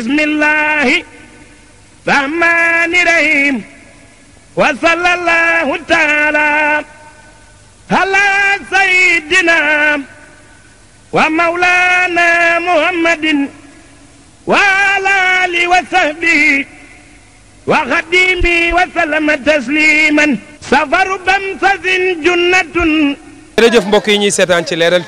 bismillaahi rahmaani rahiim wa sallallaahu taala ala sayyidina wa mawlaana muhammadin wa ala wa sahbihi wa xadiimihi wa sallama tasliiman safaru bamsasin junnatun jërëjëf mbokk yi ñuy seetaan ci leeral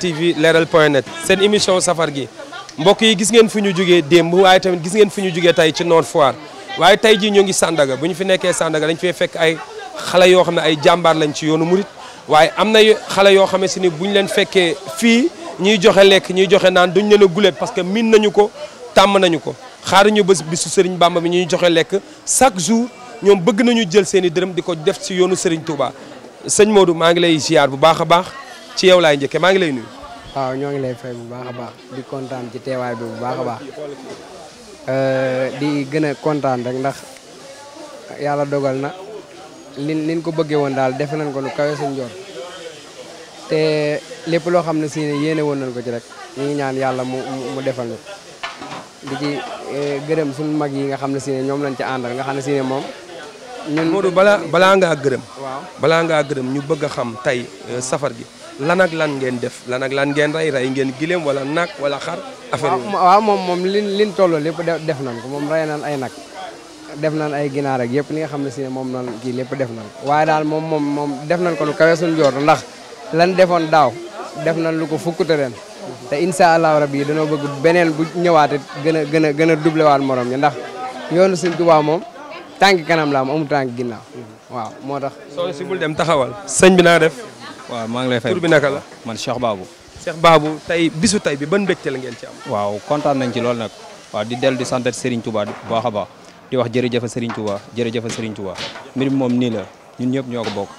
seen émission safar gi mbokk yi gis ngeen fi ñu jugee démb waaye tamit gis ngeen fu ñu jugee tey ci Nord Foire waaye tey jii ñoo ngi Sandaga bu ñu fi nekkee Sandaga dañ fee fekk ay xale yoo xam ne ay jàmbaar lañ ci yoonu murit waaye am na xale yoo xamante ni bu ñu leen fekkee fii ñuy joxe lekk ñuy joxe naan duñ leen a guleet parce que miin nañu ko tàmm nañu ko xaaruñu bés bisu Serigne Bamba bi ñuy joxe lekk chaque jour ñoom bëgg nañu jël seen i dërëm di ko def ci yoonu Serigne Touba sëñ Modou maa ngi lay ziar bu baax a baax ci yow laay njëkkee maa ngi lay nuyu. waaw ñoo ngi lay fay bu baax a di kontaan ci teewaay bi bu baax a baax euh, di gën a kontaan rek ndax yàlla dogal na li liñ ko bëggee woon daal defe nañ ko lu kawe suñ jor te lépp loo xam ne si ne yéene woon nañ ko ci rek ñu ngi ñaan yàlla mu mu defal ñu di ci euh, gërëm suñu mag yi nga xam ne si ne ñoom lañ ci àndal nga xam ne si ne moom ñun Modou balaa ngaa gërëm. waaw balaa ngaa gërëm ñu bëgg a xam tey euh, safar gi. lan ak lan ngeen def lan ak lan ngeen rey rey ngeen gileem wala nag wala xar. affaire yi waaw moom moom liñ liñ toll lépp def nañ ko moom rey nañ ay nag. def nañ ay ginaar ak yëpp li nga xam ne si ne moom noonu kii lépp def nañ waaye daal moom moom moom def nañ ko lu kawe suñu joor ndax lan defoon daaw def nañ lu ko fukk te ren te incha allahu rabi yi dañoo bëgg beneen bu ñëwaate gën a gën a gën a doublé waat morom ndax yoonu suñ tubaab moom tànk kanam laa am amul tànk waaw moo tax soo si bul dem taxawal sëñ bi naa def waaw maa ngi lay fay bi naka la man Cheikh Babou. Cheikh Babou tey bisu tey bi ban mbégte la ngeen ci am. waaw kontaan nañ ci loolu nag waaw di dellu di sant Serigne Touba bu baax a baax di wax jërëjëf Serigne Touba jërëjëf mi moom nii la ñun ñëpp ñoo ko bokk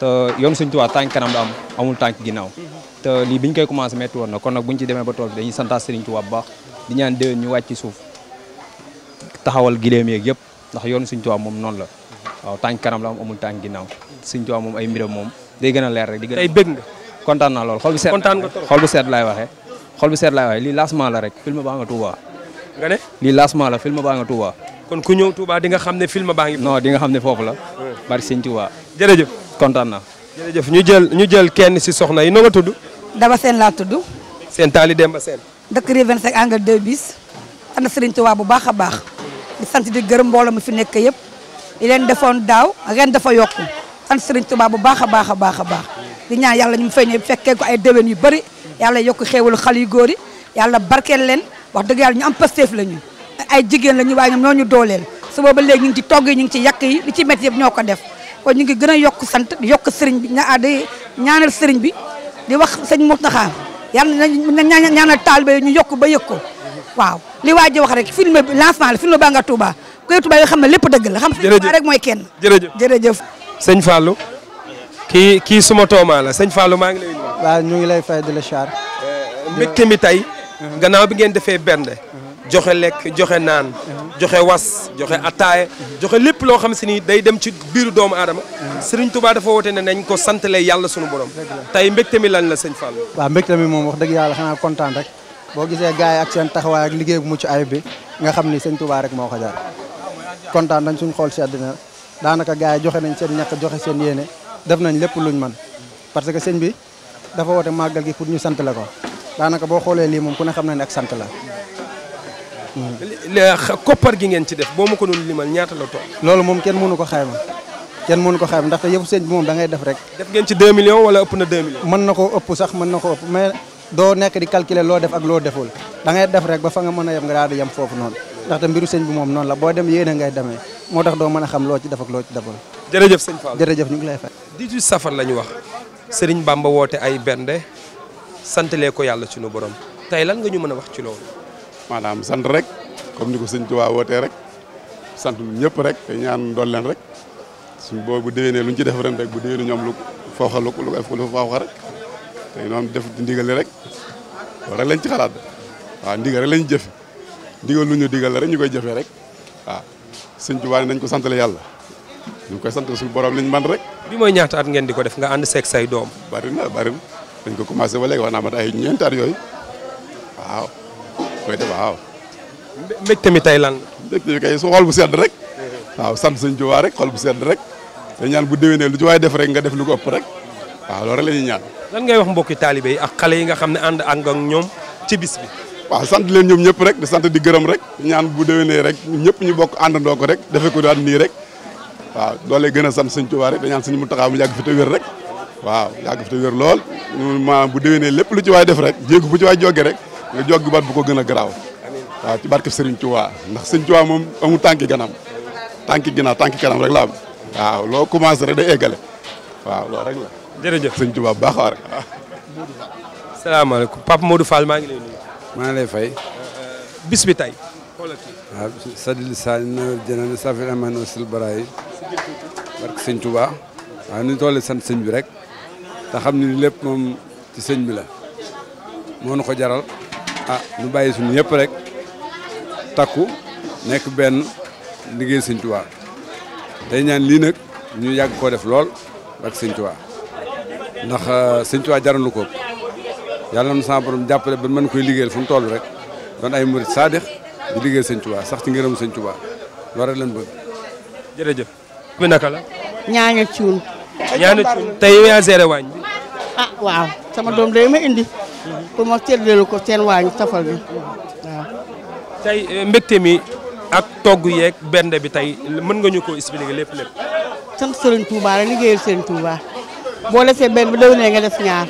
te yoon Serigne Touba tànk kanam la am amul tànk ginnaaw mhm. te lii bi koy commencé métti woon na kon nag bu ñu ci demee ba tool bi dañuy santaat Serigne Touba bu baax di ñaan ñu wàcc ci suuf taxawal gileem yeeg yëpp ndax yoon Serigne Touba moom noonu la mhm. waaw ay mbiram moom day gën a leer rek. di gën a tey bëgg nga. kontaan a lool xol bu seet. kontaan nga trop xol bu seet laay waxee. lii lancement la rek film baa nga Touba. la film baa nga Touba. kon ku ñëw Touba di nga xam ne film baa ngi. noo di nga xam ne foofu la. Hmm. bari sëñ Touba. jërëjëf kontaan naa. jërëjëf ñu jël ñu kenn si soxna yi noo nga tudd. Daba Sène laa tudd. seen taali Demba Sène. dëkk Rue 25 angle 2 bis. ànd Serigne Touba bu baax a baax. di sant di gërëm mbooloo mi fi nekk yëpp. yi leen defoon daaw ren dafa yokku sant Serigne Touba bu baax a baax a baax a baax di ñaan yàlla ñu feeñee fekkee ko ay déwén yu bëri yàlla yokk xéewalu xal yu góor yi yàlla barkeel leen wax dëgg yàlla ñu am pasteef la ay jigéen la ñu waaye ñoom ñoo ñu dooleel su booba léegi ñu ngi ci togg yi ñu ngi ci yàq yi li ci métti ñoo ko def kon ñu ngi gën a yokk sant di yokk sëriñ bi ña di ñaanal sëriñ bi di wax sëñ Mountakha yàlla na ñaanal taalibe yi ñu yokk ba yëg ko waaw li waa ji wax rek film lancement la film baa nga Touba koy Touba yoo xam ne lépp dëgg la xam sëñ Touba rek mooy kenn jërëjëf sëñ Fallou kii kii suma tooma la sëñ Fallou maa ngi lay ñu ngi lay fay de la char. Eh, mbégte mi tey. gannaaw bi ngeen defee benn joxe lekk joxe naan. joxe was joxe ataaye. joxe lépp loo xam si ni day dem ci biiru doomu aadama. Serigne Touba dafa woote ne nañ ko santalee yàlla sunu borom. tey mbégte mi lañ la sëñ Fallou. waaw mbégte mi moom wax dëgg yàlla xanaa kontaan rek boo gisee gars yi ak seen taxawaay ak liggéey bu mucc ay bi nga xam ni sëñ Touba rek moo ko jaar kontaan nañ suñu xool sedd daanaka gars yi joxe nañ seen ñàkk joxe seen yéene def nañ lépp luñ man parce que sëñ bi dafa woote màggal gi pour ñu sant la ko daanaka boo xoolee lii moom ku ne xam na ne ak sant la. koppar gi ngeen ci def boo ma ko doon limal ñaata la toll. loolu moom kenn mënu ko xayma kenn mënu ko xayma ndaxte yëfu sëñ bi moom da ngay def rek. def ngeen ci 2 millions wala ëpp na 2 millions. mën na koo ëpp sax mën na ko ëpp mais doo nekk di calculer loo def ak loo deful da ngay def rek ba fa nga mën a yem nga daal di yem foofu noonu ndaxte mbiru sëñ bi moom noonu la boo dem yéene ngay demee moo tax doo mën a xam loo ci def ak loo ci defal. jërëjëf sëñ Fall jërëjëf ñu ngi lay fay. 18 safar la ñu wax Serigne Bamba woote ay bernde lee ko yàlla sunu borom tey lan nga ñu mën a wax ci lool maanaam sant rek comme ni ko sëñ waa wootee rek sant ñëpp rek te ñaan dool leen rek suñ boobu bu ne lu ñu ci def ren rek bu déwénu ñoom lu fooxa lu ko lu fooxa rek te noonu def ndigal rek loolu rek lañ ci xalaat waaw ndigal rek lañ jëfe ndigal lu ñu digal rek ñu koy jëfee rek waaw. sëñ Tuubaa nañ ko santale yàlla ñu ngi koy sant suñu borom liñ man rek bi mooy ñaata at ngeen di ko def nga ànd seeg say doom bari na bari na ko commencé ba léegi wax naa man ay ñeenti at yooyu waaw koy def waaw mbégte mi tey lan mbégte mi bu sedd rek waaw sant sëñ Tuubaa rek xol bu sedd rek te ñaan bu ne lu ci waay def rek nga def lu ko rek waaw loolu rek la ñaan lan ngay wax mbokki taalibe yi ak xale yi nga xam ne ànd ak ñoom ci bis bi waaw sant leen ñoom ñëpp rek di sant di gërëm rek ñaan bu déwénee rek ñëpp ñu bokk àndandoo ko rek defe ko daal nii rek waaw doole gën a sant Sëñ Tuubaa rek ñaan suñu mu taxaw mu yàgg fi te wér rek waaw yàgg fi wér lool maanaam bu déwénee lépp lu ci waay def rek jéegu bu ci waay jooge rek nga joggi baat bu ko gën a garaaw waaw ci barke Sëriñ Tuubaa ndax Sëñ Tuubaa moom amu tànki ganam tànki ginnaaw tànki kanam rek la am waaw loo commencé rek day eggale waaw lool rek la jërëjëf Sëñ Tuubaa baax waa rek salaamaaleykum Pape Modou Fall maa ngi lay maa ngi lay fay. bis sa tey. waaw Sadil Sall nawet jënd Safin Amano Silbara yi. barke sëñ Touba. waaw sant sëñ bi rek. te xam ni lépp moom ci sëñ bi la. moo nu ko jaral. ah ñu bàyyi suñu yëpp rek. takku nekk benn liggéey sëñ Touba. ñaan lii nag ñu yàgg koo def lool barke sëñ ndax sëñ Touba jaralu ko. yàlla na sama borom jàppale ba man koy liggéeyal fu mu tollu rek doon ay murit saadix di liggéey sëñ Tuubaa sax ci ngërëm sëñ Tuubaa loolu rek lañ bëgg. jërëjëf. naka la. ñaañu cuun. ñaañu cuun tey yaa géré ah, sama doom day ma indi. pour ko seen waañu safal eh, mi ak togg yeeg bernde bi tey mën nga ñu koo lépp lépp. sant Serigne Touba la ñaar.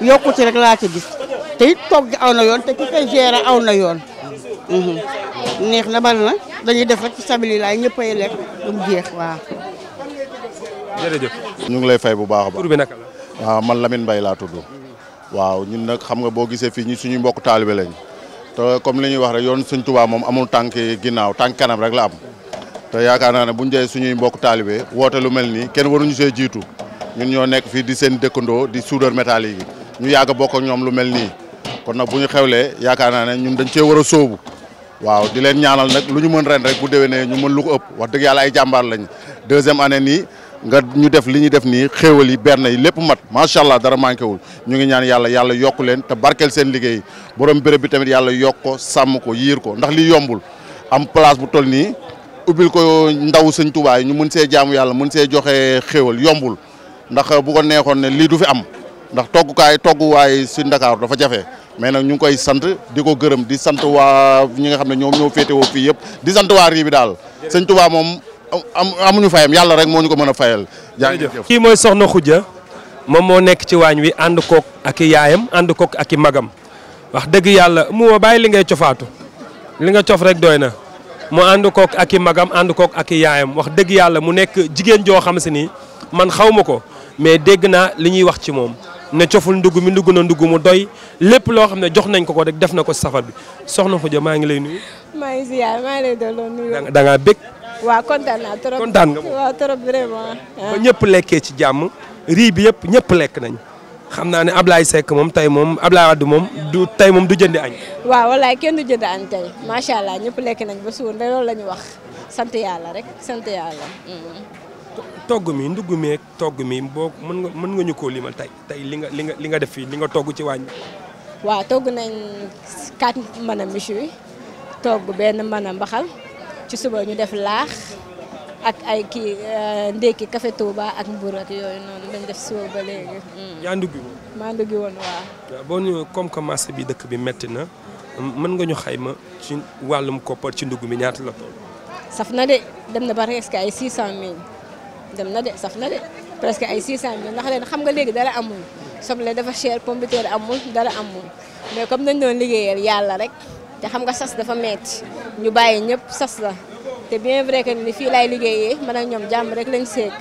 yokku ci rek laa ci gis te it toog gi aw na yoon te ki koy gérer aw na yoon mhm. neex na bari dañuy def rek ci sabili laay ñëpp ay lekk ba jeex waaw. jërëjëf. ñu ngi lay fay bu baax a baax bi naka la. waaw ah, man Lamine Mbaye laa tudd. waaw ñun nag xam nga boo gisee fii ñi suñu mbokk taalibe lañ te comme li ñuy wax rek yoon suñ tubaa moom amul tànk ginnaaw tànk kanam rek la am. te yaakaar naa ne bu ñu suñuy mbokk taalibe woote lu mel nii kenn waruñu see jiitu ñun ñoo nekk fii di seen dëkkandoo di soudeur métallique yi ñu yàgg bokk ñoom lu mel nii kon nag bu ñu xewlee yaakaar naa ne ñun dañ cee war a sóobu waaw di leen ñaanal nag lu ñu mën ren rek bu déwénee ñu mën lu ko ëpp wax dëgg yàlla ay jàmbaar lañ deuxième année nii nga ñu def li ñuy def nii xéewal yi benn yi lépp mat macha allah dara manqué wul ñu ngi ñaan yàlla yàlla yokk leen te barkeel seen liggéey borom béréb bi tamit yàlla yokk sàmm ko yiir ko ndax lii yombul am place bu toll nii ubbil ko ndaw sëñ Tuubaa ñu mën see jaamu yàlla mën see joxe xéewal yombul ndax bu ko ne lii du fi am ndax toggukaay togguwaay si Ndakaaru dafa jafe mais nag ñu ngi koy sant di ko gërëm di sant waa ñi nga xam ne ñoom ñoo féetewoo fii yëpp di sant waa rii daal sëñ Touba moom am amuñu fayam yàlla rek moo ñu ko mën a fayal jërëjëf kii mooy soxna Khoudia moom moo nekk ci waañ wi ànd kook ak i yaayam ànd kook ak i magam wax dëgg yàlla mu bàyyi li ngay cofaatu li nga cof rek doy na mu ànd kook ak i magam ànd kook ak i yaayam wax dëgg yàlla mu nekk jigéen joo xam si ni man xaw ma ko mais dégg naa li ñuy wax ci moom ne coful ndugg mi ndugg na ndugg mu doy lépp loo xam ne jox nañ ko ko rek def na ko safar bi soxna Khoudia maa ngi lay nuyu. maa ngi ziar waaw kontaan naa trop ñëpp lekkee ci jàmm riz bi yëpp ñëpp lekk nañ xam naa ne Ablaye Seck moom tey moom Ablaye Wade moom du tey moom du jëndi añ. waaw wallaay kenn jënd añ macha allah ñëpp lekk nañ ba suur loolu la ñu wax sant yàlla rek sant mm-hmm. togg mi ndugg mi ak togg mi boo mën nga mën nga ñu koo limal tey tey li nga li nga li nga def fii li nga togg ci waañ waaw togg nañ quatre manam méchoui togg benn manam baxal ci suba ñu def laax ak ay kii euh, ndékki café Touba ak mbur ak yooyu noonu dañ def suba ba léegi. Mm. maa nduggi woon waaw. boo ñu comme que bi dëkk bi metti na mën nga ñu xayma ci wàllum koppar ci ndugg mi ñaata la saf na de dem na ba presque ay 600000. dem na de saf na de que ay 600 mille ndax leen xam nga léegi dara amul soble dafa cher pomme de terre amul dara amul mais comme dañ doon liggéeyal yàlla rek te xam nga sas dafa metti ñu bàyyi ñëpp sas la te bien vrai que ni fii laay liggéeyee man ak ñoom jàmm rek lañ seek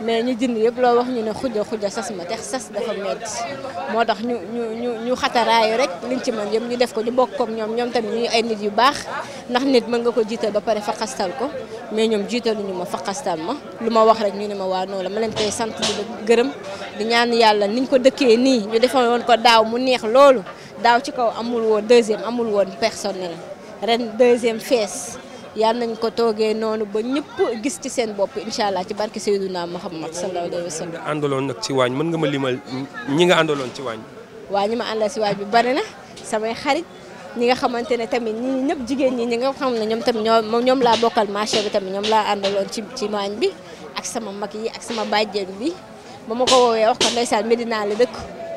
mais ñu jënd yëpp loo wax ñu ne xuja xuja sas ma te sas dafa metti moo tax ñu ñu ñu ñu xataraayu rek liñ ci mën yëpp ñu def ko ñu bokk koog ñoom ñoom tamit ñuy ay nit yu baax ndax nit mën nga ko jiital ba pare faqastal ko mais ñoom jiitaluñu ma faqastal ma lu ma wax rek ñu ne ma waa noonu la ma leen koy sant di gërëm di ñaan yàlla niñ ko dëkkee nii ñu defoon woon ko daaw mu neex loolu daaw ci kaw amul woon deuxième amul woon personnel ren deuxième fees yal nañ ko toogee noonu ba ñëpp gis ci seen bopp incha allah ci barke Seydouna Muhammad sallallahu alayhi wa sallam. nga àndaloon nag ci waañ mën nga ma limal ñi nga àndaloon ci waañ. waa ñi ma àndal si waañ bi bari na samay xarit ñi nga xamante ne tamit ñi ñëpp jigéen ñi ñi nga xam ne ñoom tamit ñoo ñoom laa bokkal marché bi tamit ñoom laa àndaloon ci ci waañ bi ak sama mag yi ak sama bàjjen bi ba ma ko woowee wax ko ndeysaan Medina la dëkk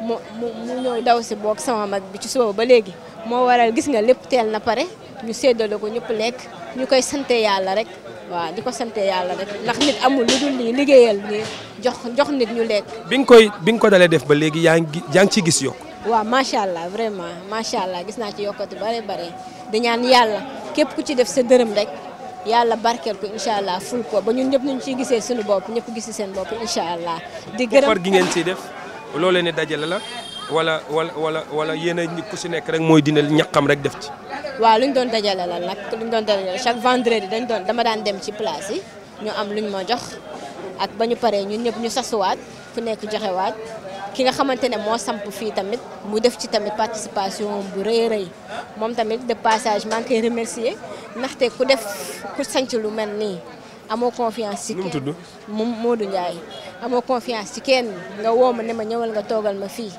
mu mu mu ñëw daw si boog sama mag bi ci suba ba léegi moo waral gis nga lépp teel na pare ñu séddale ko ñëpp lekk. ñu koy sante yàlla rek waaw di ko sante yàlla rek ndax nit amul lu dul lii liggéeyal nii jox jox nit ñu lekk. bi nga koy bi nga ko dalee def ba léegi yaa ngi yaa ngi ciy gis yokk. waaw macha allah vraiment macha allah gis naa ci yokkati bare bare di ñaan yàlla képp ku ci def sa dërëm rek yàlla barkeel ko incha allah ful ko ba ñun ñëpp ñu ciy gisee suñu bopp ñëpp gisi seen bopp incha allah. di gërëm koppar gi ngeen ciy def loo leen dajale la wala wala wala wala yéen a ku si nekk rek mooy dina ñaqam rek def ci. waaw lu ñu doon dajale la nag lu ñu doon dajale chaque vendredi dañ doon dama daan dem ci place yi ñu am lu ñu ma jox ak ba ñu paree ñu ñëpp ñu sasuwaat ku nekk joxewaat ki nga xamante ne moo samp fii tamit mu def ci tamit participation bu rëy rëy moom tamit de passage maa ngi remercier ndaxte ku def ku sanc lu mel nii amoo confiance ci kenn tudd moom Modou Ndiaye amoo confiance ci kenn nga woo ma ne ma ñëwal nga toogal ma fii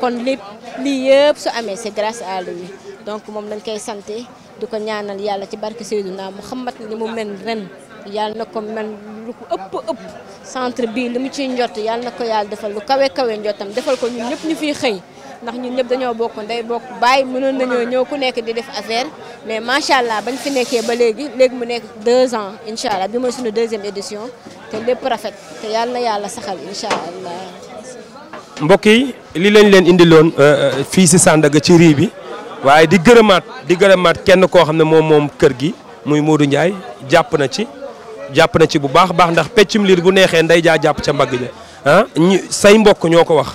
kon lépp lii yëpp su amee c'est grâce à lui donc moom lañ koy sante du ko ñaanal yàlla ci barke Seydina Muhammad li mu mel ren yàlla na ko mel lu ko ëpp ëpp centre bii li mu ciy njott yàlla na ko yàlla defal lu kawe kawe njottam defal ko ñun ñëpp ñu fiy xëy ndax ñun ñëpp dañoo bokk day bokk bàyyi mënoon nañoo ñëw ku nekk di def affaire mais macha allah bañ fi nekkee ba léegi léegi mu nekk deux ans incha allah bi mooy suñu deuxième édition te lépp rafet te yàlla na yàlla saxal incha allah. mbokk yi li lañ leen indiloon euh, euh, fii si Sandaga ci riz bi. waaye di gërëmaat di gërëmaat kenn koo xam ne moom moom kër gi muy Modou Ndiaye jàpp na ci jàpp na ci bu baax baax ndax peccum liir bu neexee nday jaa jàpp ca mbagg ja ah ñu say mbokk ñoo ko wax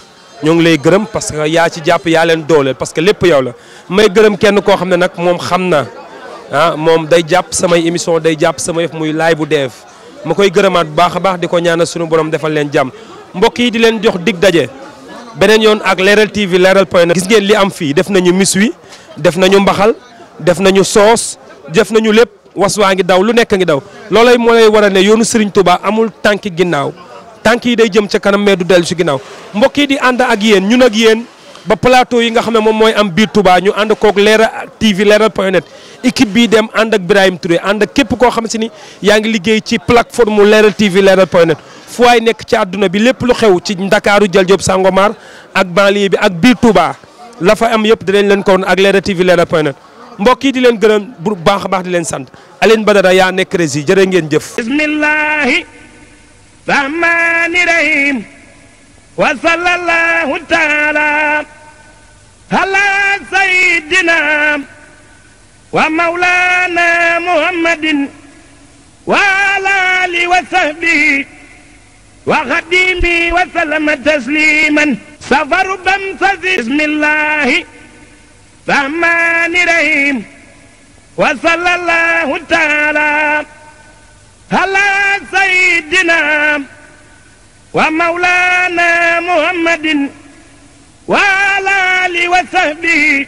ñoo ngi lay gërëm parce que yaa ci jàpp yaa leen dooleel parce que lépp yow la may gërëm kenn koo xam ne nag moom xam na ah moom day jàpp samay émission day jàpp sama yof muy laay bu deef ma koy gërëmaat bu baax a baax di ko ñaana suñu borom defal leen jàmm mbokk yi di leen jox dig daje beneen yoon ak Leral TV Leral point gis ngeen li am fii def nañu miss wi def nañu mbaxal def nañu soos def nañu lépp was waa ngi daw lu nekk ngi daw loolay moo lay war a ne yoonu Serigne Touba amul tànki ginnaaw tànk yi day jëm ca kanam mais du dellu si ginnaaw mbokk yi di ànd ak yéen ñun ak yéen ba palaato yi nga xam ne moom mooy am biir Touba ñu ànd koog Leral TV Leral point net équipe bii dem ànd ak Birahim Touré ànd ak képp koo xam si ni yaa ngi liggéey ci plateforme Leral TV Leral point net fu waay nekk ci àdduna bi lépp lu xew ci Ndakaaru jël job ak banlieue bi ak biir Touba. la fa am yëpp dinañ leen ko woon ak mbokk yi di leen gërëm bu baax a baax di leen sant Aline Badara yaa nekk rési jërë ngeen jëf bismillahi rahmani rahim wa sallallahu taala ala sayidina wa maulana muhammadin wa ala wa sahbihi wa xadimi wa sallama tasliman safaru ban fasi bismillaahi rahmaani rahiim wa sallallaahu taala ala sayyidina wa mawlaana muhammadin wa ala aalihi wa sahbihi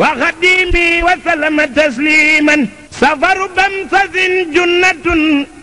wa xadiimihi wa sallama tasliiman safaru ban fasin junnatun